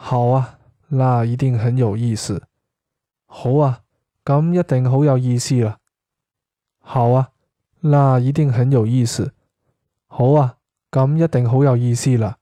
好啊，那一定很有意思。好啊，咁一定好有意思啦。好啊，那一定很有意思。好啊，咁一定好有意思啦。